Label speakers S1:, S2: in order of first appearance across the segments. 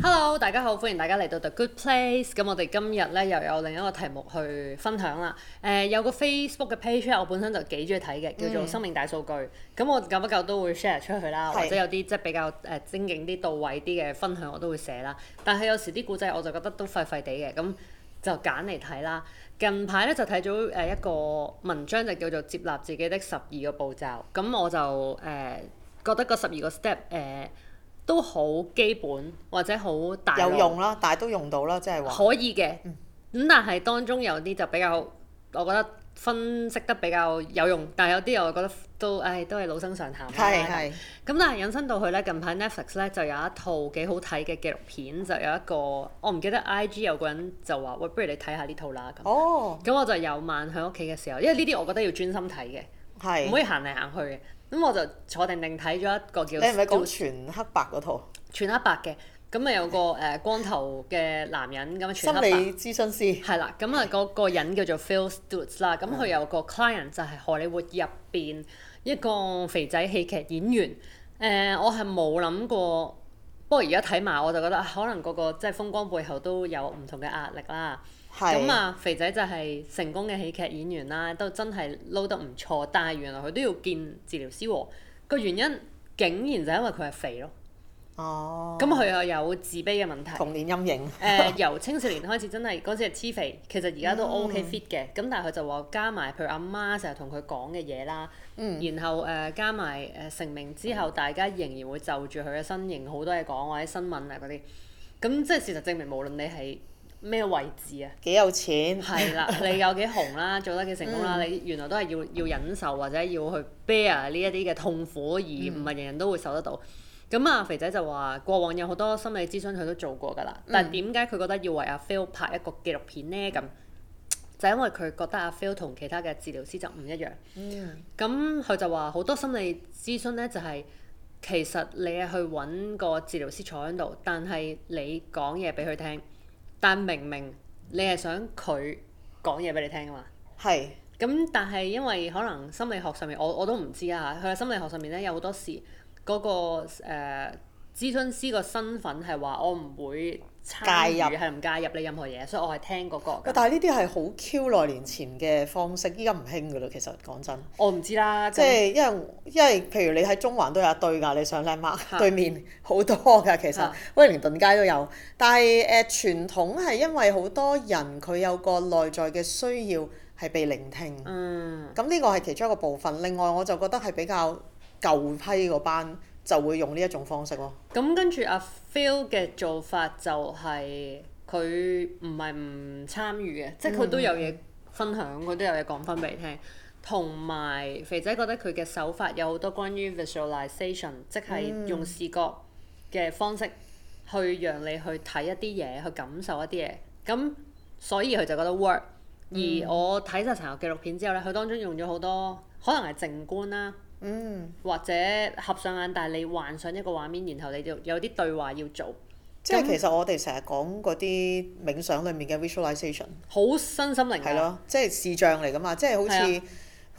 S1: Hello，大家好，歡迎大家嚟到 The Good Place。咁我哋今日咧又有另一個題目去分享啦。誒、呃、有個 Facebook 嘅 page，我本身就幾中意睇嘅，嗯、叫做生命大數據。咁我久不久都會 share 出去啦，是或者有啲即係比較誒、呃、精警啲、到位啲嘅分享我都會寫啦。但係有時啲古仔我就覺得都廢廢地嘅，咁就揀嚟睇啦。近排咧就睇咗誒一個文章就叫做接納自己的十二個步驟。咁我就誒、呃、覺得個十二個 step 誒、呃。都好基本或者好大路，有用啦，
S2: 但係都用到啦，即係話可以嘅。
S1: 咁、嗯、但係當中有啲就比較，我覺得分析得比較有用，但係有啲我又覺得都誒都係老生常談啦。係係是。咁但係引申到去咧，近排 Netflix 咧就有一套幾好睇嘅紀錄片，就有一個我唔記得 IG 有個人就話喂，不如你睇下呢套啦咁。哦。咁我就有晚喺屋企嘅時候，因為呢啲我覺得要專心睇嘅，唔是可以行嚟行去嘅。咁我就坐定定睇咗一個叫，你係咪講全黑白嗰套？全黑白嘅，咁啊有個誒光頭嘅男人咁樣 全黑白。心理諮詢師。係啦，咁啊嗰個人叫做 Phil Stutz 啦，咁 佢有個 client 就係荷里活入邊一個肥仔戲劇演員。誒、嗯呃，我係冇諗過，不過而家睇埋我就覺得，可能、嗰個個即係風光背後都有唔同嘅壓力啦。咁啊是、嗯，肥仔就係成功嘅喜劇演員啦，都真係撈得唔錯。但係原來佢都要見治療師喎，個原因竟然就係因為佢係肥咯。哦。咁佢又有自卑嘅問題。童年陰影。誒、 呃，由青少年開始真係嗰陣時係黐肥，其實而家都 OK fit 嘅、嗯。咁但係佢就加媽媽話加埋佢阿媽成日同佢講嘅嘢啦，嗯、然後誒、呃、加埋誒、呃、成名之後，嗯、大家仍然會就住佢嘅身形好多嘢講，或者新聞啊嗰啲。咁即係事實證明，無論你係，咩位置啊？
S2: 幾有錢係啦！
S1: 你有幾紅啦， 做得幾成功啦？嗯、你原來都係要要忍受或者要去 bear 呢一啲嘅痛苦而，而唔係人人都會受得到。咁啊，肥仔就話過往有好多心理諮詢佢都做過㗎啦，但係點解佢覺得要為阿 Phil 拍一個紀錄片呢？咁、嗯、就因為佢覺得阿 Phil 同其他嘅治療師就唔一樣。咁佢、嗯、就話好多心理諮詢呢，就係、係、其實你係去揾個治療師坐喺度，但係你講嘢俾佢聽。但明明你係想佢講嘢俾你聽啊嘛，係。咁但係因為可能心理學上面，我我都唔知啊。佢喺心理學上面咧，有好多時嗰個誒諮詢師個身份係話我唔會。介入係唔介入你任何嘢，所以我係聽嗰個。但係呢啲係
S2: 好 Q 耐年前嘅方式，依家唔興㗎啦。其實講真，我唔知啦，即係因為、嗯、因為譬如你喺中環都有一堆㗎，你上靚媽、嗯、對面好多㗎，其實、嗯、威靈頓街都有。但係誒、呃、傳統係因為好多人佢有個內在嘅需要係被聆聽，咁呢、嗯、個係其中一個部分。另外我就覺得係比較舊批嗰班。就會用呢一種方式咯。
S1: 咁跟住阿 Feel 嘅做法就係佢唔係唔參與嘅，嗯、即係佢都有嘢分享，佢、嗯、都有嘢講翻俾你聽。同埋肥仔覺得佢嘅手法有好多關於 v i s u a l i z a t i o n 即係用視覺嘅方式去讓你去睇一啲嘢，去感受一啲嘢。咁所以佢就覺得 work。而我睇曬殘留紀錄片之後咧，佢當中用咗好多可能係靜觀啦。嗯，或者合上眼，但係你幻想一個畫面，然後你就有啲對話要做。即係是 那其實
S2: 我哋成日講嗰啲冥想裏面嘅 visualization 好新心靈㗎。係咯，即係視像嚟㗎嘛，即係好似。嗯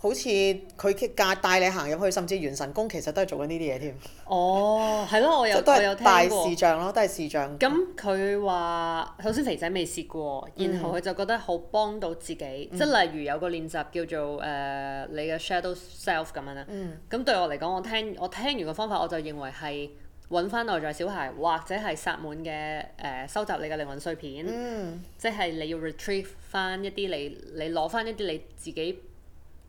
S2: 好似佢介帶你行入去，甚至元神宮其實都係做緊呢啲嘢添。哦，係、嗯、咯，我有我有聽過。都係視像咯，都係視像。
S1: 咁佢話：首先肥仔未試過，然後佢就覺得好幫到自己。即係、嗯、例如有個練習叫做誒、呃、你嘅 Shadow Self 咁樣啦。嗯。咁對我嚟講，我聽我聽完個方法，我就認為係揾翻內在小孩，或者係薩滿嘅誒、呃、收集你嘅靈魂碎片。嗯、即係你要 retrieve 翻一啲你你攞翻一啲你自己，自己。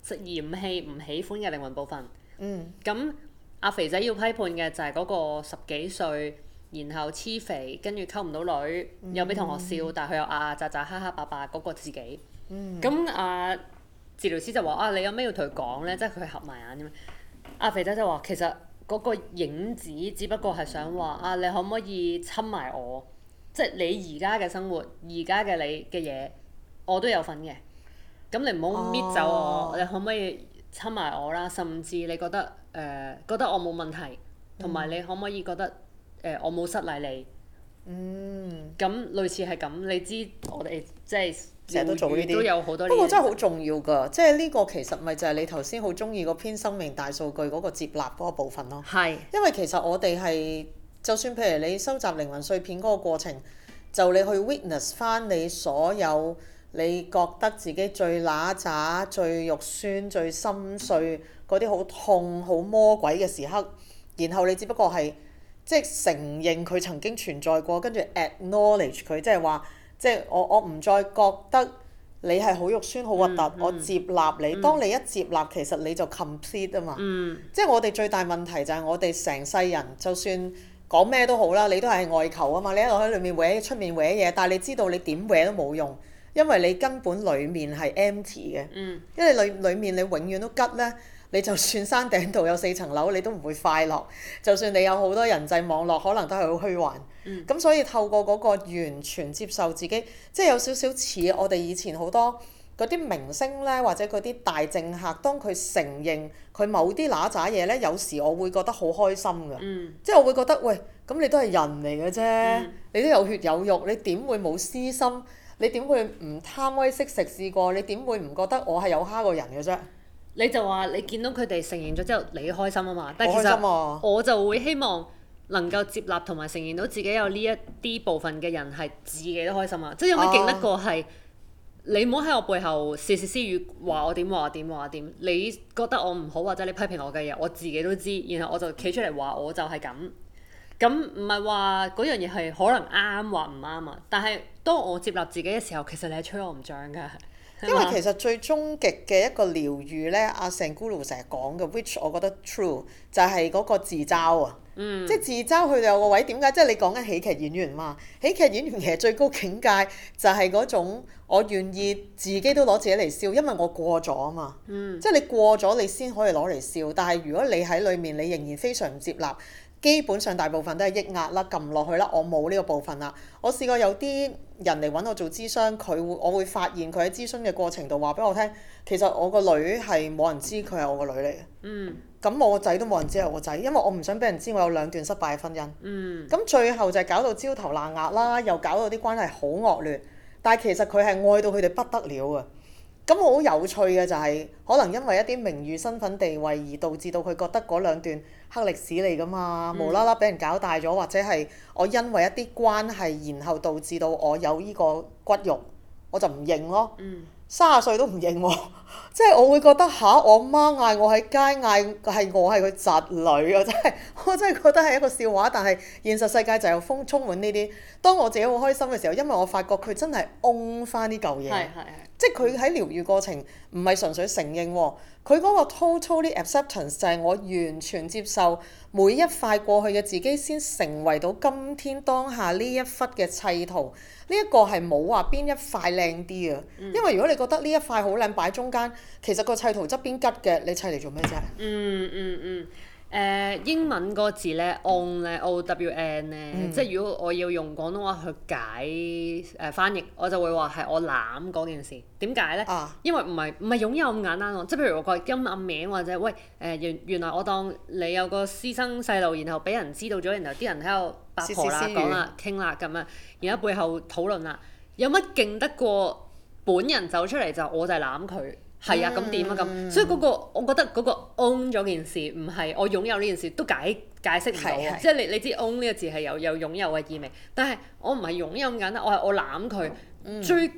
S1: 嫌棄唔喜歡嘅靈魂部分。嗯。咁阿肥仔要批判嘅就係嗰個十幾歲，然後黐肥，跟住溝唔到女，又俾同學笑，但係佢又啊阿咋咋，哈哈白白嗰個自己。嗯。咁阿治療師就話：啊，你有咩要同佢講呢？即係佢合埋眼啫嘛。阿肥仔就話：其實嗰個影子只不過係想話：啊，你可唔可以侵埋我？即係你而家嘅生活，而家嘅你嘅嘢，我都有份嘅。咁、嗯、你唔好搣走我，哦、你可唔可以侵埋我啦？甚至你覺得誒、呃、覺得我冇問題，同埋你可唔可以覺得誒、呃、我冇失禮你？嗯。咁類似係咁，你知我哋即係成日都做呢啲。不過真係好
S2: 重要㗎，即係呢個其實咪就係你頭先好中意嗰篇生命大數據嗰個接納嗰個部分咯。係、嗯。因為其實我哋係就算譬如你收集靈魂碎片嗰個過程，就你去 witness 翻你所有，你覺得自己最邋遢、最肉酸、最心碎嗰啲好痛、好魔鬼嘅時刻，然後你只不過係即係承認佢曾經存在過，跟住 acknowledge 佢，即係話，即係我我唔再覺得你係好肉酸、好核突，mm hmm. 我接納你。當你一接納，mm hmm. 其實你就 complete 啊嘛。Mm hmm. 即係我哋最大問題就係我哋成世人，就算講咩都好啦，你都係外求啊嘛。你一路喺裏面搲出面搲嘢，但係你知道你點搲都冇用。因為你根本裡面係 empty 嘅，嗯、因為裏裏面你永遠都吉呢。你就算山頂度有四層樓，你都唔會快樂。就算你有好多人際網絡，可能都係好虛幻。咁、嗯、所以透過嗰個完全接受自己，即、就、係、是、有少少似我哋以前好多嗰啲明星呢，或者嗰啲大政客，當佢承認佢某啲嗱喳嘢呢，有時我會覺得好開心嘅。嗯、即係我會覺得，喂，咁你都係人嚟嘅啫，嗯、你都有血有肉，你點會冇私心？你點會唔貪威識食？試過
S1: 你點會唔覺得我係有蝦過人嘅啫？你就話你見到佢哋承認咗之後，你開心啊嘛？但其實開心啊！我就會希望能夠接納同埋承認到自己有呢一啲部分嘅人，係自己都開心啊！即係有咩勁得過係你唔好喺我背後竊竊私語，話我點話點話點？你覺得我唔好或者你批評我嘅嘢，我自己都知，然後我就企出嚟話我就係咁。咁唔係話嗰樣嘢係可能啱或唔啱啊？但係當我接納自己嘅時候，其實你係吹我唔漲㗎。因為其實
S2: 最終極嘅一個療愈咧，阿聖姑魯成日講嘅，which 我覺得 true 就係嗰個自嘲啊。嗯，即。即係自嘲去到有個位點解？即係你講緊喜劇演員嘛？喜劇演員其實最高境界就係嗰種我願意自己都攞自己嚟笑，因為我過咗啊嘛。嗯。即係你過咗，你先可以攞嚟笑。但係如果你喺裡面，你仍然非常唔接納。基本上大部分都係抑壓啦，撳落去啦，我冇呢個部分啦。我試過有啲人嚟搵我做諮詢，佢會我會發現佢喺諮詢嘅過程度話俾我聽，其實我個女係冇人知佢係我個女嚟嘅。咁、嗯、我個仔都冇人知係我個仔，因為我唔想俾人知我有兩段失敗嘅婚姻。咁、嗯、最後就搞到焦頭爛額啦，又搞到啲關係好惡劣。但係其實佢係愛到佢哋不得了啊。咁好有趣嘅就係、是，可能因為一啲名譽、身份、地位而導致到佢覺得嗰兩段。黑歷史嚟㗎嘛，無啦啦俾人搞大咗，或者係我因為一啲關係，然後導致到我有呢個骨肉，我就唔認咯。卅、嗯、歲都唔認喎， 即係我會覺得嚇，我媽嗌我喺街嗌係我係佢侄女啊！真係我真係覺得係一個笑話，但係現實世界就風充滿呢啲。當我自己好開心嘅時候，因為我發覺佢真係嗡翻啲舊嘢。即係佢喺療愈過程唔係純粹承認喎、哦，佢嗰個 totally acceptance 就係我完全接受每一塊過去嘅自己，先成為到今天當下呢一忽嘅砌圖。呢、這、一個係冇話邊一塊靚啲啊，因為如果你覺得呢一塊好靚擺喺中間，其實個砌圖側邊吉嘅，你砌嚟做咩啫？嗯嗯嗯。
S1: 誒、uh, 英文嗰個字咧 o、w、n 咧，o w n 咧，即係如果我要用廣東話去解誒、呃、翻譯，我就會話係我攬嗰件事。點解咧？啊、因為唔係唔係擁有咁簡單咯。即係譬如我個陰暗名或者喂誒、呃，原原來我當你有個私生細路，然後俾人知道咗，然後啲人喺度八婆啦講啦傾啦咁樣，然後背後討論啦，有乜勁得過本人走出嚟就我就係攬佢。係啊，咁點啊咁？所以嗰、嗰個我覺得嗰個 own 咗件事，唔係我擁有呢件事都解解釋唔到是是 即係你你知 own 呢個字係有有擁有嘅意味，但係我唔係擁有咁簡單，我係我攬佢、嗯、最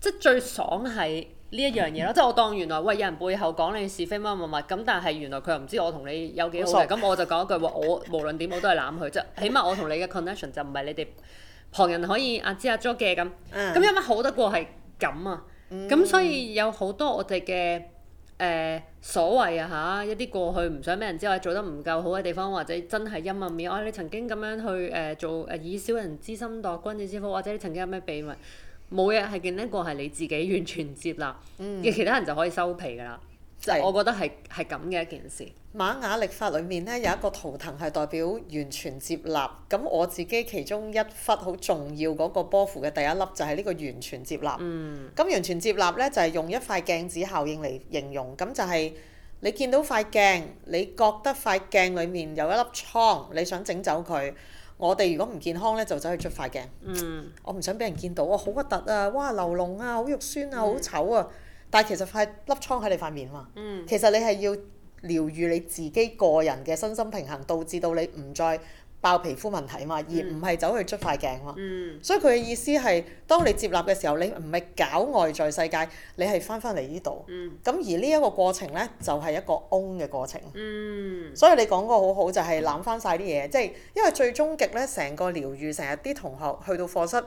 S1: 即係最爽係呢一樣嘢咯！嗯、即係我當原來喂有人背後講你是非乜乜乜咁，但係原來佢又唔知我同你有幾好咁，我就講一句話：嗯、我無論點我都係攬佢，即起碼我同你嘅 connection 就唔係你哋旁人可以啊知啊捉嘅咁。咁有乜好得過係咁啊？咁、嗯、所以有好多我哋嘅誒所謂啊嚇，一啲過去唔想俾人知道，或者做得唔夠好嘅地方，或者真係陰暗面，我、啊、你曾經咁樣去誒、呃、做誒以小人之心度君子之腹，或者你曾經有咩秘密，冇嘢係見得過係你自己完全接納，嘅、嗯、其他人就可以收皮噶啦。就係、我覺得係係咁嘅一件事。瑪雅歷
S2: 法裏面咧，有一個圖騰係代表完全接納。咁、嗯、我自己其中一忽好重要嗰個波符嘅第一粒就係呢個完全接納。咁、嗯、完全接納咧就係、係、用一塊鏡子效應嚟形容。咁就係你見到塊鏡，你覺得塊鏡裡面有一粒瘡，你想整走佢。我哋如果唔健康咧，就走去捽塊鏡。嗯、我唔想俾人見到啊！好核突啊！哇，流膿啊，好肉酸啊，好醜啊！嗯嗯但係其實塊粒瘡喺你塊面嘛，嗯、其實你係要療愈你自己個人嘅身心平衡，導致到你唔再爆皮膚問題嘛，嗯、而唔係走去捽塊鏡嘛。嗯、所以佢嘅意思係，當你接納嘅時候，你唔係搞外在世界，你係翻翻嚟呢度。咁、嗯、而呢一個過程呢，就係、是、一個嗡嘅過程。嗯、所以你講個好好就係攬翻晒啲嘢，即、就、係、是、因為最終極呢，成個療愈成日啲同學去到課室。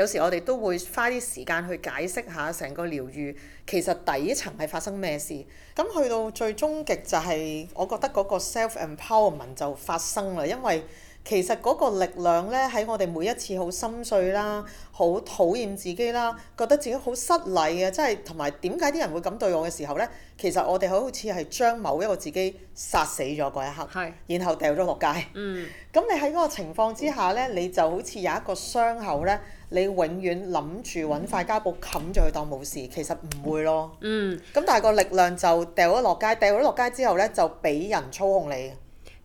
S2: 有時我哋都會花啲時間去解釋下成個療愈其實底層係發生咩事，咁去到最終極就係我覺得嗰個 self empowerment 就發生啦，因為。其實嗰個力量咧，喺我哋每一次好心碎啦、好討厭自己啦、覺得自己好失禮啊，即係同埋點解啲人會咁對我嘅時候咧？其實我哋好似係將某一個自己殺死咗嗰一刻，是然後掉咗落街。咁、嗯、你喺嗰個情況之下咧，你就好似有一個傷口咧，你永遠諗住搵塊膠布冚住佢當冇事，其實唔會咯。咁、嗯、但係個力量就掉咗落街，掉咗落街之後咧，就俾人操控你。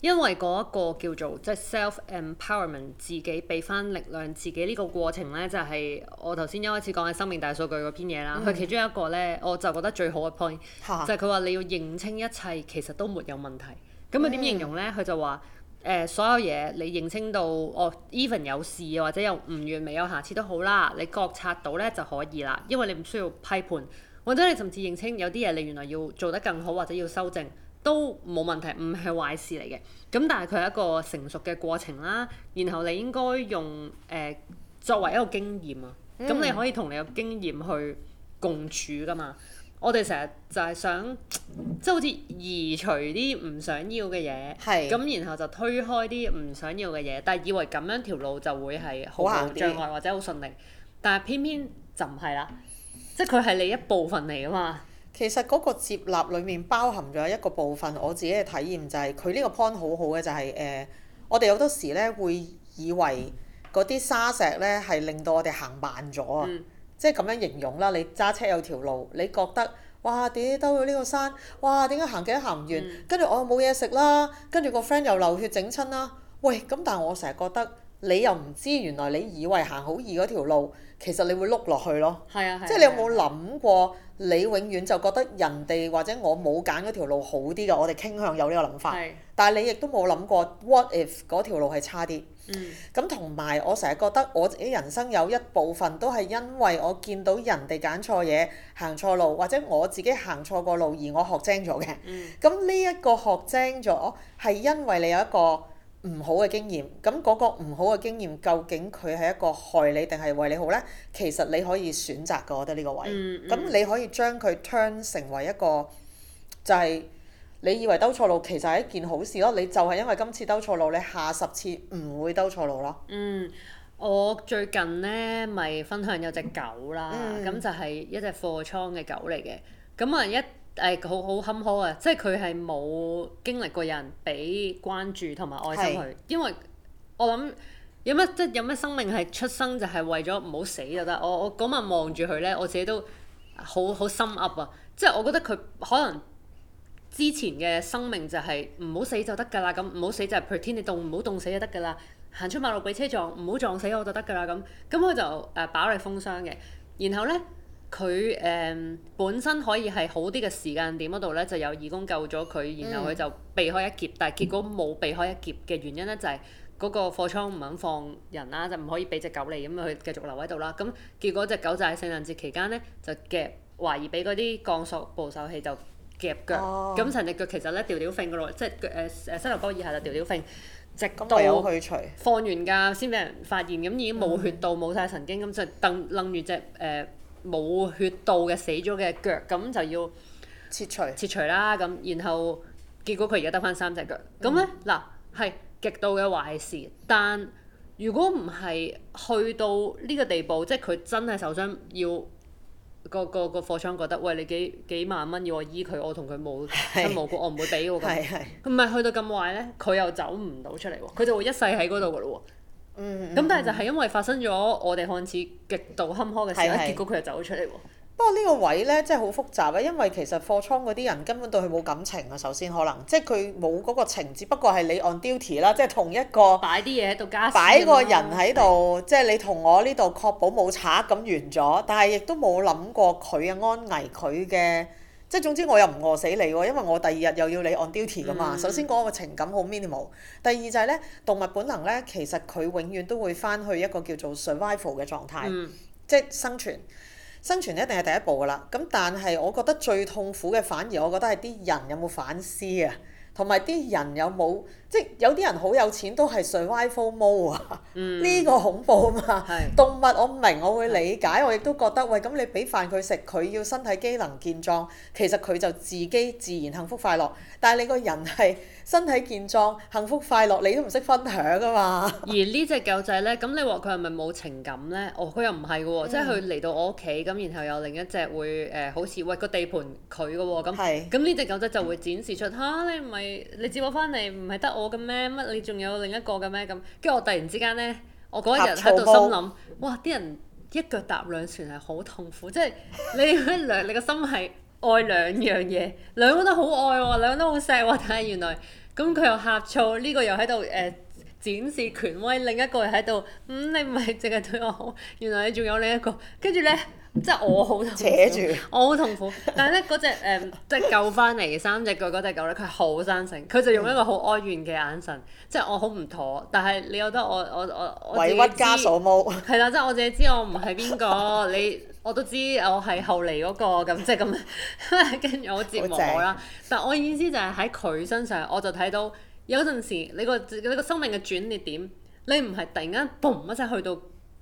S1: 因為嗰一個叫做即係、就是、self empowerment，自己俾翻力量，自己呢個過程呢，就係、是、我頭先一開始講嘅生命大數據嗰篇嘢啦，佢、嗯、其中一個呢，我就覺得最好嘅 point、啊、就係佢話你要認清一切其實都沒有問題。咁佢點形容呢？佢、嗯、就話、呃、所有嘢你認清到哦，even、呃、有事或者又唔完美有瑕疵都好啦，你覺察到呢就可以啦，因為你唔需要批判。或者你甚至認清有啲嘢你原來要做得更好或者要修正。都冇問題，唔係壞事嚟嘅。咁但係佢係一個成熟嘅過程啦。然後你應該用誒、呃、作為一個經驗啊，咁、嗯、你可以同你嘅經驗去共處噶嘛。我哋成日就係想，即、就、係、是、好似移除啲唔想要嘅嘢，咁是然後就推開啲唔想要嘅嘢，但係以為咁樣條路就會係好無障礙或者好順利，哇但係偏偏就唔係啦。即係佢係你一部分
S2: 嚟噶嘛。其實嗰個接納裡面包含咗一個部分，我自己嘅體驗就係佢呢個 point 好好嘅就係、是、誒、呃，我哋好多時咧會以為嗰啲沙石咧係令到我哋行慢咗啊，嗯、即係咁樣形容啦。你揸車有條路，你覺得哇，點兜到呢個山？哇，點解行幾行唔完？跟住、嗯、我又冇嘢食啦，跟住個 friend 又流血整親啦。喂，咁但係我成日覺得你又唔知，原來你以為行好易嗰條路。其實你會碌落去咯，
S1: 即係你有冇
S2: 諗過？你永遠就覺得人哋或者我冇揀嗰條路好啲㗎，我哋傾向有呢個諗法。但係你亦都冇諗過 what if 嗰條路係差啲。咁同埋我成日覺得我自己人生有一部分都係因為我見到人哋揀錯嘢行錯路，或者我自己行錯過路而我學精咗嘅。咁呢一個學精咗係因為你有一個唔好嘅經驗，咁嗰個唔好嘅經驗究竟佢係一個害你定係為你好呢？其實你可以選擇噶，我覺得呢個位。咁、嗯嗯、你可以將佢 turn 成為一個，就係、是、你以為兜錯路，其實係一件好事咯。你就係因為今次兜錯路，你下十次唔會兜錯路咯。嗯，
S1: 我最近呢咪分享有隻狗啦，咁、嗯、就係一隻貨倉嘅狗嚟嘅，咁啊一。誒，好好、哎、坎坷啊！即係佢係冇經歷過有人俾關注同埋愛心佢，是因為我諗有乜即係有乜生命係出生就係為咗唔好死就得。我我嗰晚望住佢咧，我自己都好好心噏啊！即係我覺得佢可能之前嘅生命就係唔好死就得㗎啦，咁唔好死就係佢天你凍唔好凍死就得㗎啦，行出馬路俾車撞唔好撞死我就得㗎啦咁。咁我就誒、呃、飽歷風霜嘅，然後咧。佢誒、嗯、本身可以係好啲嘅時間點嗰度咧，就有義工救咗佢，然後佢就避開一劫。嗯、但係結果冇避開一劫嘅原因咧，就係、是、嗰個貨倉唔肯放人啦、啊，就唔可以俾隻狗嚟咁佢繼續留喺度啦。咁、啊、結果隻狗就喺聖誕節期間咧，就夾懷疑俾嗰啲鋼索捕獸器就夾腳。咁成隻腳其實咧，吊吊揈嘅路，即係誒誒膝頭哥以下就吊吊揈去除。直放完㗎，先俾人發現。咁、啊、已經冇血到，冇、嗯、晒神經，咁、嗯嗯嗯、就掟掟住隻誒。嗯冇血到嘅死咗嘅腳，咁就要切除切除啦。咁然後結果佢而家得返三隻腳，咁咧，嗱，係極度嘅壞事。但如果唔係去到呢個地步，即係佢真係受傷，要個個個貨倉覺得喂，你幾幾萬蚊要我醫佢，我同佢無親無故是是 我唔會俾喎咁。佢唔係去到咁壞咧，佢又走唔到出嚟喎，佢就會一世喺嗰度噶咯喎。咁、嗯嗯、但係就係因為發生咗我哋看似極度坎坷嘅事情，是是結果佢就走咗出嚟喎。
S2: 不過呢個位呢，真係好複雜啊！因為其實貨倉嗰啲人根本對佢冇感情啊。首先可能，即係佢冇嗰個情節，不過係你按 duty 啦，即係同一個擺啲嘢喺度加，擺個人喺度，的即係你同我呢度確保冇賊咁完咗。但係亦都冇諗過佢嘅安危，佢嘅。即係總之我又唔餓死你喎，因為我第二日又要你 on duty 㗎嘛。Mm. 首先嗰個情感好 minimal，第二就係咧動物本能咧，其實佢永遠都會翻去一個叫做 survival 嘅狀態，mm. 即係生存。生存一定係第一步㗎啦。咁但係我覺得最痛苦嘅，反而我覺得係啲人有冇反思啊，同埋啲人有冇？即有啲人好有錢都係 survival mode 啊，呢個恐怖啊嘛。是動物我唔明，我會理解，是我亦都覺得喂咁你俾飯佢食，佢要身體機能健壯，其實佢就自己自然幸福快樂，但係你個人係身體健壯幸福快樂你都唔識分享噶嘛！
S1: 而隻呢隻狗仔咧，咁你話佢係咪冇情感咧？哦，佢又唔係嘅喎。嗯、即係佢嚟到我屋企咁，然後有另一隻會誒、呃、好似喂個地盤佢嘅喎咁，咁呢是隻狗仔就會展示出吓、啊、你唔係你接我翻嚟唔係得我我嘅咩？乜你仲有另一個嘅咩？咁，跟住我突然之間呢，我嗰一日喺度心諗，呷醋哇！啲人一腳踏兩船係好痛苦，即係你兩， 你個心係愛兩樣嘢，兩個都好愛喎、哦，兩個都好錫喎，但係原來咁佢又呷醋，呢、呢個又喺度誒展示權威，另一個又喺度，嗯，你唔係淨係對我好，原來你仲有另一個，跟住呢。即係我好痛苦，扯住，我好痛苦。但係咧，嗰隻誒即係救翻嚟三隻腳嗰隻狗咧，佢好生性，佢就用一個好哀怨嘅眼神，嗯、即係我好唔妥。但係你覺得我我我我，我我委屈加鎖毛係啦，即係我自己知我唔係邊個，你我都知我係後嚟嗰、嗰個咁，即係咁跟住我折磨我啦。正但我意思就係喺佢身上，我就睇到有陣時你個你個生命嘅轉捩點，你唔係突然間嘣一聲去到。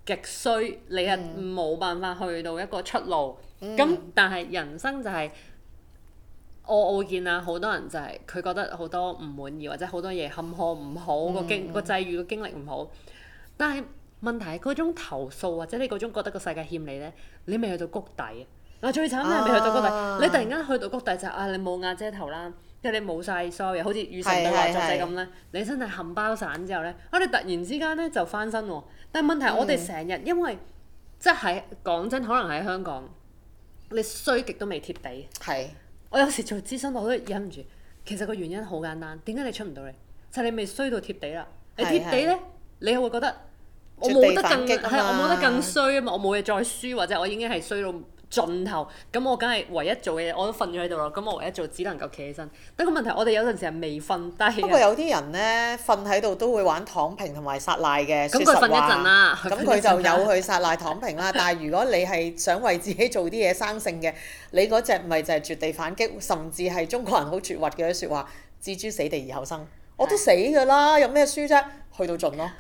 S1: 極衰，你係冇辦法去到一個出路。咁、嗯、但係人生就係、是，我我見啊，好多人就係、是、佢覺得好多唔滿意，或者好多嘢坎坷，唔好個經個際遇個經歷唔好。但係問題係嗰種投訴或者你嗰種覺得個世界欠你呢，你未去到谷底啊！最慘係未去到谷底，啊、你突然間去到谷底就係、啊，你冇瓦遮頭啦～即係你冇晒，Sorry，好似雨神嘅話作仔咁咧，是是你真係冚包散之後咧，我哋突然之間咧就翻身喎。但係問題我哋成日因為即係講真，真，可能喺香港，你衰極都未貼地。係。是是 我有時做諮詢，我都忍唔住。其實個原因好簡單，點解你出唔到嚟？就係、是、你未衰到貼地啦。你是是 貼地咧，你會覺得是是我冇得更係，我冇得更衰啊嘛！我冇嘢再輸，或者我已經係衰到。盡頭，咁我梗係唯一做嘅嘢，我都瞓咗喺度啦。咁我唯一做，只能夠企起身。不過問題，我哋有陣時係未瞓，但係不過有
S2: 啲人呢，瞓喺度都會玩躺平同埋撒賴嘅。咁佢瞓一陣啦，咁佢就有去撒賴躺平啦。 但係如果你係想為自己做啲嘢生性嘅，你嗰隻咪就係絕地反擊，甚至係中國人好絕學嘅一啲説話：置之死地而後生。我都死㗎啦，的有咩輸啫？去到盡啦！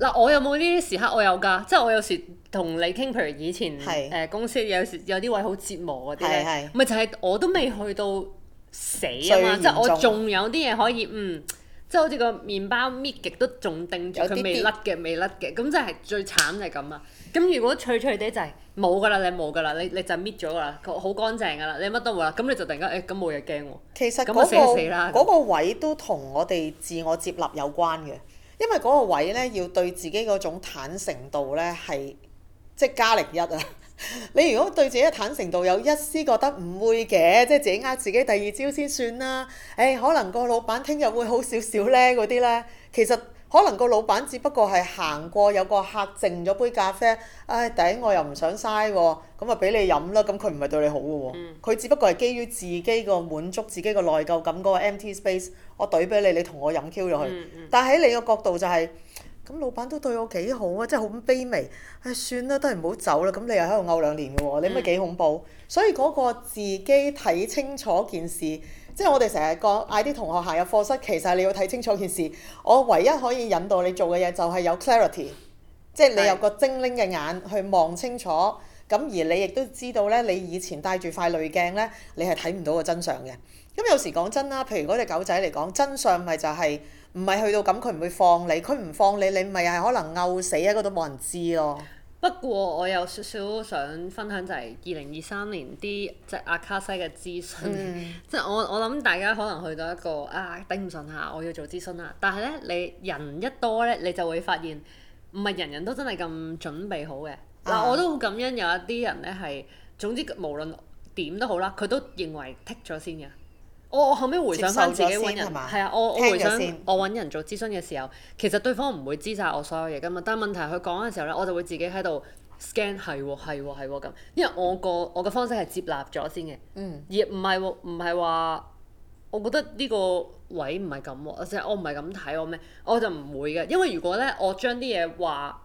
S1: 嗱，我有冇呢啲時刻？我有㗎，即係我有時同你傾，譬如以前誒是、呃、公司有時有啲位好折磨嗰啲咧，咪是就係我都未去到死啊嘛！即係我仲有啲嘢可以嗯，即係好似個麵包搣極都仲定住，佢未甩嘅，未甩嘅，咁即係最慘就係咁啦。咁如果脆脆哋就係冇㗎啦，你冇㗎啦，你你就搣咗㗎啦，好乾淨㗎啦，你乜都冇啦，咁你就突然間誒咁冇嘢驚喎。
S2: 欸、其實死，死、嗰個嗰個位都同我哋自我接納有關嘅。因為嗰個位呢，要對自己嗰種坦誠度呢，係即係加零一啊！ 你如果對自己嘅坦誠度有一絲覺得唔會嘅，即係自己呃自己第二朝先算啦。誒、哎，可能個老闆聽日會好少少呢嗰啲呢，其實。可能個老闆只不過係行過有個客剩咗杯咖啡，唉，頂我又唔想嘥喎，咁啊俾你飲啦。咁佢唔係對你好嘅喎，佢、嗯、只不過係基於自己個滿足自己個內疚感嗰、那個 empty space，我懟俾你，你同我飲 Q 咗去。嗯嗯、但喺你個角度就係、是，咁老闆都對我幾好啊，真係好卑微。唉，算啦，都係唔好走啦。咁你又喺度嘔兩年嘅喎，你咪幾恐怖？嗯、所以嗰個自己睇清楚件事。即係我哋成日講嗌啲同學行入課室，其實你要睇清楚件事。我唯一可以引導你做嘅嘢就係有 clarity，即係你有個精靈嘅眼去望清楚。咁而你亦都知道咧，你以前戴住塊濾鏡咧，你係睇唔到個真相嘅。咁有時講真啦，譬如嗰隻狗仔嚟講，真相咪就係唔係去到咁，佢唔會放你，佢唔放你，你咪係可能餓死喺嗰度冇人知咯。
S1: 不過，我有少少想分享就係二零二三年啲即係阿卡西嘅諮詢，嗯、即係我我諗大家可能去到一個啊頂唔順下，我要做諮詢啦。但係咧，你人一多咧，你就會發現唔係人人都真係咁準備好嘅。嗱、啊，我都好感恩有一啲人咧係，總之無論點都好啦，佢都認為剔咗先嘅。我我後尾回想翻自己揾人，係啊，我我回想我揾人做諮詢嘅時候，其實對方唔會知晒我所有嘢噶嘛。但問題佢講嘅時候咧，我就會自己喺度 scan 係喎，係喎、哦，係喎咁。因為我個我嘅方式係接納咗先嘅，嗯、而唔係唔係話我覺得呢個位唔係咁喎，我我唔係咁睇我咩，我就唔會嘅。因為如果咧我將啲嘢話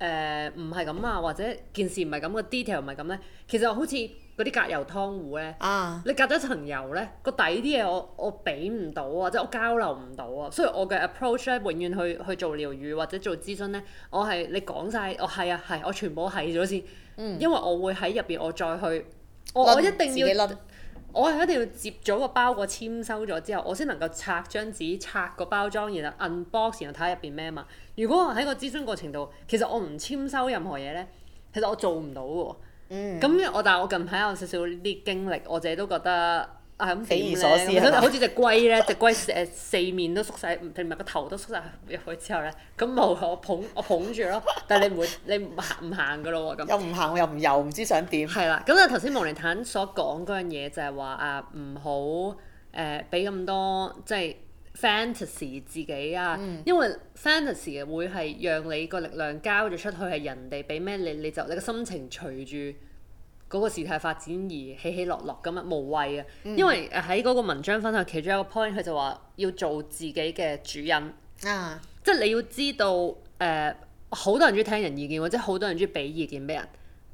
S1: 誒唔係咁啊，或者件事唔係咁嘅 detail 唔係咁咧，其實好似。嗰啲隔油湯壺咧，啊、你隔咗層油咧，個底啲嘢我我俾唔到啊，即係我交流唔到啊，所以我嘅 approach 咧，永遠去去做療愈或者做諮詢咧，我係你講晒，我、哦、係啊係、啊，我全部係咗先，嗯、因為我會喺入邊我再去，
S2: 我我一定要
S1: 己我係一,一定要接咗個包裹簽收咗之後，我先能夠拆張紙拆個包裝，然後 unbox，然後睇下入邊咩啊嘛。如果我喺個諮詢過程度，其實我唔簽收任何嘢咧，其實我做唔到喎。咁我、嗯、但係我近排有少少呢啲經歷，我自己都覺得係咁匪夷所思，好似隻龜咧，隻 龜誒，四面都縮晒，唔唔係個頭都縮晒入去之後咧，咁冇。我捧我捧住咯， 但係你唔會你唔行唔行嘅咯喎咁。 又唔行，我又唔游，唔知想點。係啦，咁啊頭先毛釐坦所講嗰樣嘢就係話啊唔好誒俾咁多即係。fantasy 自己啊，嗯、因為 fantasy 嘅、啊、會係讓你個力量交咗出去，係人哋俾咩你，你就你個心情隨住嗰個事態發展而起起落落咁啊，無謂啊。嗯、因為喺嗰個文章分享其中一個 point，佢就話要做自己嘅主人啊，即係你要知道誒，好、呃、多人鍾意聽人意見或者好多人鍾意俾意見俾人，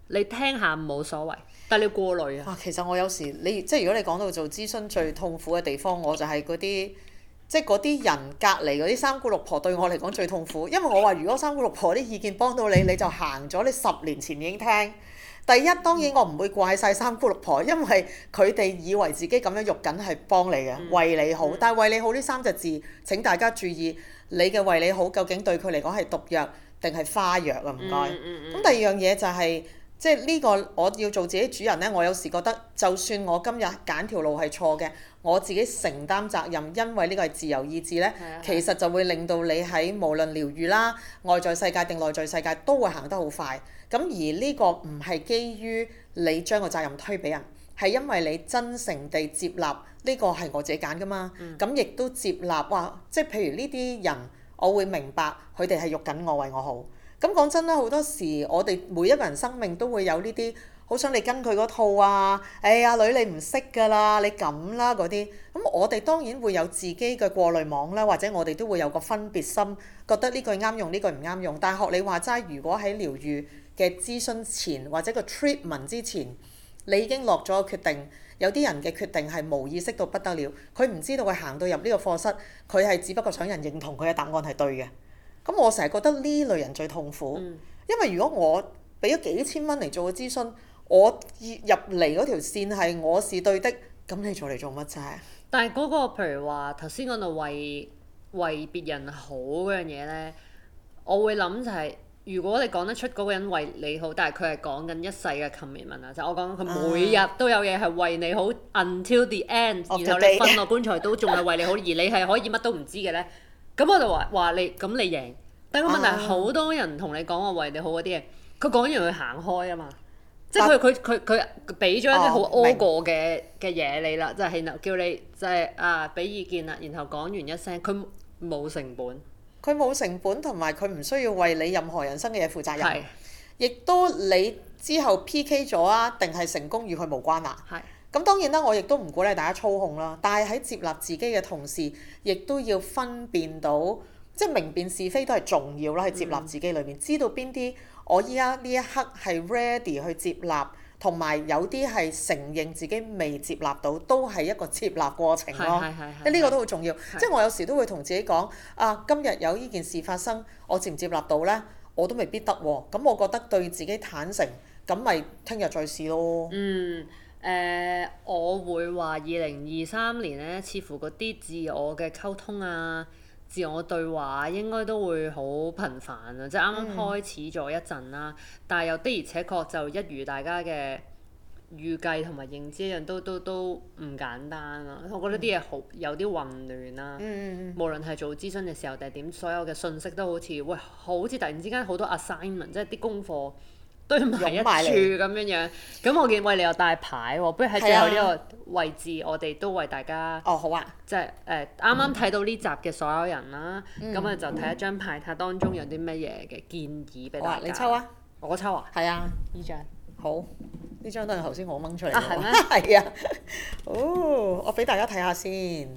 S1: 你聽下冇所謂，但係你過濾啊，啊。其實我有時你
S2: 即係如果你講到做諮詢最痛苦嘅地方，我就係嗰啲。即係嗰啲人隔離嗰啲三姑六婆對我嚟講最痛苦，因為我話如果三姑六婆啲意見幫到你，你就行咗。你十年前已經聽。第一當然我唔會怪晒三姑六婆，因為佢哋以為自己咁樣肉緊係幫你嘅，為你好。但係為你好呢三隻字，請大家注意，你嘅為你好究竟對佢嚟講係毒藥定係花藥啊？唔該。咁第二樣嘢就係、是。即係呢個我要做自己主人呢。我有時覺得就算我今日揀條路係錯嘅，我自己承擔責任，因為呢個係自由意志呢，其實就會令到你喺無論療愈啦、外在世界定內在世界都會行得好快。咁而呢個唔係基於你將個責任推俾人，係因為你真誠地接納呢個係我自己揀噶嘛。咁亦都接納哇，即係譬如呢啲人，我會明白佢哋係慾緊我為我好。咁講真啦，好多時我哋每一個人生命都會有呢啲，好想你跟佢嗰套啊！哎呀女你唔識㗎啦，你咁啦嗰啲。咁我哋當然會有自己嘅過濾網啦、啊，或者我哋都會有個分別心，覺得呢句啱用，呢句唔啱用。但學你話齋，如果喺療愈嘅諮詢前或者個 treatment 之前，你已經落咗個決定，有啲人嘅決定係無意識到不得了，佢唔知道佢行到入呢個課室，佢係只不過想人認同佢嘅答案係對嘅。咁我成日覺得呢類人最痛苦，嗯、因為如果我俾咗幾千蚊嚟做個諮詢，我入嚟嗰條線係我是對的，咁你做嚟做乜啫？
S1: 但係嗰個譬如話頭先講到為為別人好嗰樣嘢呢，我會諗就係、是、如果你講得出嗰個人為你好，但係佢係講緊一世嘅 commitment 啊、嗯，就我講佢每日都有嘢係為你好，until the end，然後你瞓落棺材都仲係為你好，而你係可以乜都唔知嘅呢。咁我就話話你，咁你贏，但係個問題係好多人同你講我為你好嗰啲嘢，佢講、啊、完佢行開啊嘛，即係佢佢佢佢俾咗一啲好惡果嘅嘅嘢你啦、哦，就係叫你即係啊俾意見啦，然後講完一聲，佢冇成本，佢冇成本同埋佢唔需要為你任何人生嘅嘢負責任，係是，
S2: 亦都你之後 P K 咗啊，定係成功與佢無關啦，係。咁當然啦，我亦都唔鼓勵大家操控啦。但係喺接納自己嘅同時，亦都要分辨到，即係明辨是非都係重要啦。喺接納自己裏面，嗯、知道邊啲我依家呢一刻係 ready 去接納，同埋有啲係承認自己未接納到，都係一個接納過程咯。係係呢個都好重要。即係我有時都會同自己講：啊，今日有呢件事發生，我接唔接納到呢？我都未必得喎。咁我覺得
S1: 對自己坦誠，咁咪聽日再試咯。嗯。誒、呃，我會話二零二三年咧，似乎嗰啲自我嘅溝通啊、自我對話，應該都會好頻繁啊，即係啱啱開始咗一陣啦、啊。Mm. 但係又的而且確就一如大家嘅預計同埋認知一樣都，都都都唔簡單啊！我覺得啲嘢好、mm. 有啲混亂啦、啊。Mm. 無論係做諮詢嘅時候定係點，所有嘅信息都好似喂，好似突然之間好多 assignment，即係啲功課。都堆埋一埋嚟咁樣樣，咁我見，喂你有大牌喎、哦，不如喺最後呢個位置，啊、我哋都為大家哦好啊，即係誒啱啱睇到呢集嘅所有人啦，咁啊、嗯嗯、就睇一張牌，睇下當中有啲乜嘢嘅建議俾大家。哦、你抽啊！我抽啊！係啊！
S2: 呢張好，呢張都係頭先我掹出嚟。啊，係咩？係啊！哦，我俾大家睇下先，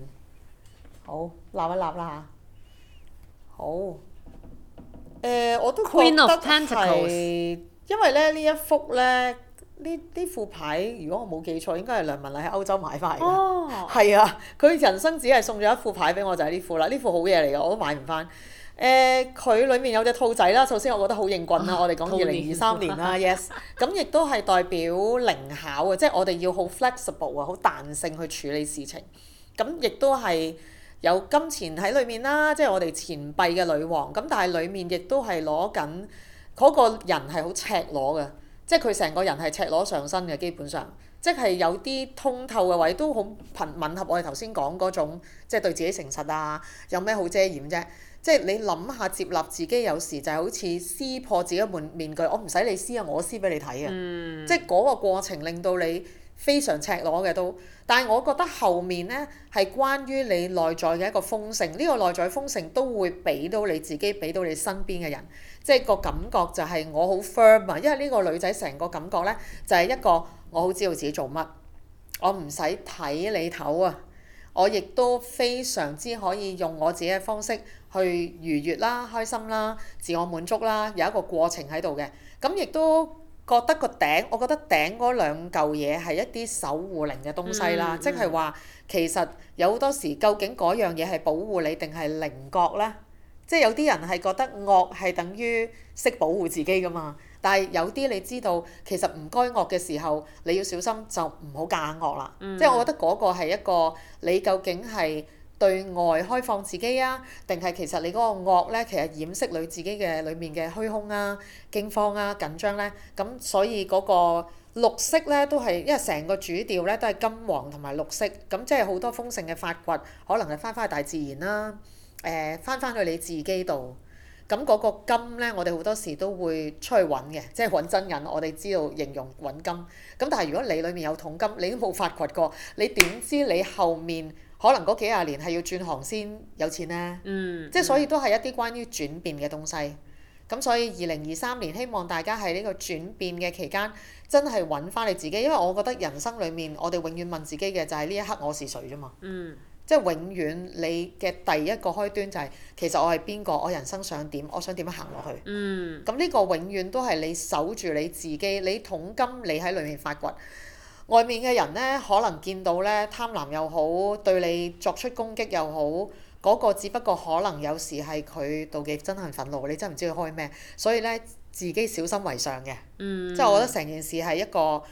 S2: 好立一立啦嚇，好。誒、呃，我都因為咧呢一幅咧呢呢副牌，如果我冇記錯，應該係梁文麗喺歐洲買翻嚟。嘅、哦。係啊，佢人生只係送咗一副牌俾我，就係、是、呢副啦。呢副好嘢嚟嘅，我都買唔翻。誒、呃，佢裏面有隻兔仔啦。首先我覺得好應棍啦，啊、我哋講二零二三年啦，yes。咁亦都係代表靈巧嘅， 即係我哋要好 flexible 啊，好彈性去處理事情。咁亦都係有金錢喺裡面啦，即、就、係、是、我哋錢幣嘅女王。咁但係裡面亦都係攞緊。嗰個人係好赤裸嘅，即係佢成個人係赤裸上身嘅，基本上，即係有啲通透嘅位都好貧吻合我哋頭先講嗰種，即係對自己誠實啊，有咩好遮掩啫？即係你諗下接納自己，有時就係好似撕破自己面面具，我唔使你撕啊，我撕俾你睇啊，嗯、即係嗰個過程令到你非常赤裸嘅都。但係我覺得後面呢，係關於你內在嘅一個豐盛，呢、呢個內在豐盛都會俾到你自己，俾到你身邊嘅人。即係個感覺就係我好 firm 啊，因為呢個女仔成個感覺呢，就係一個我好知道自己做乜，我唔使睇你頭啊！我亦都非常之可以用我自己嘅方式去愉悅啦、啊、開心啦、啊、自我滿足啦、啊，有一個過程喺度嘅。咁亦都覺得個頂，我覺得頂嗰兩嚿嘢係一啲守護靈嘅東西啦，嗯嗯、即係話其實有好多時究竟嗰樣嘢係保護你定係靈覺咧？即係有啲人係覺得惡係等於識保護自己噶嘛，但係有啲你知道其實唔該惡嘅時候，你要小心就唔好假惡啦。嗯、即係我覺得嗰個係一個你究竟係對外開放自己啊，定係其實你嗰個惡咧，其實掩飾你自己嘅裏面嘅虛空啊、驚慌啊、緊張呢？咁所以嗰個綠色呢，都係因為成個主調呢，都係金黃同埋綠色，咁即係好多豐盛嘅發掘，可能係翻返去大自然啦、啊。誒，翻翻去你自己度，咁嗰個金呢，我哋好多時都會出去揾嘅，即係揾真銀。我哋知道形容揾金，咁但係如果你裡面有桶金，你都冇發掘過，你點知你後面可能嗰幾廿年係要轉行先有錢呢？嗯、即係所以都係一啲關於轉變嘅東西。咁、嗯、所以二零二三年希望大家喺呢個轉變嘅期間，真係揾翻你自己，因為我覺得人生裡面我哋永遠問自己嘅就係呢一刻我是誰啫嘛。嗯。即係永遠，你嘅第一個開端就係、是、其實我係邊個，我人生想點，我想點樣行落去。
S1: 嗯。
S2: 咁呢個永遠都係你守住你自己，你統金你喺裏面發掘，外面嘅人呢可能見到呢貪婪又好，對你作出攻擊又好，嗰、那個只不過可能有時係佢妒忌、憎恨、憤怒，你真係唔知佢開咩，所以呢自己小心為上嘅。嗯。即係我覺得成件事係一個。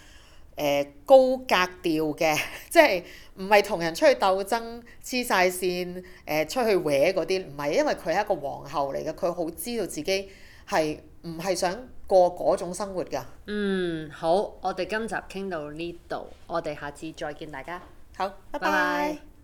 S2: 呃、高格調嘅，即係唔係同人出去鬥爭、黐晒線、誒、呃、出去搲嗰啲，唔係因為佢係一個皇后嚟嘅，佢好知道自己係唔係想過嗰種
S1: 生活㗎。嗯，好，我哋今集傾到呢度，我哋下次再見大家。好，拜拜。拜拜。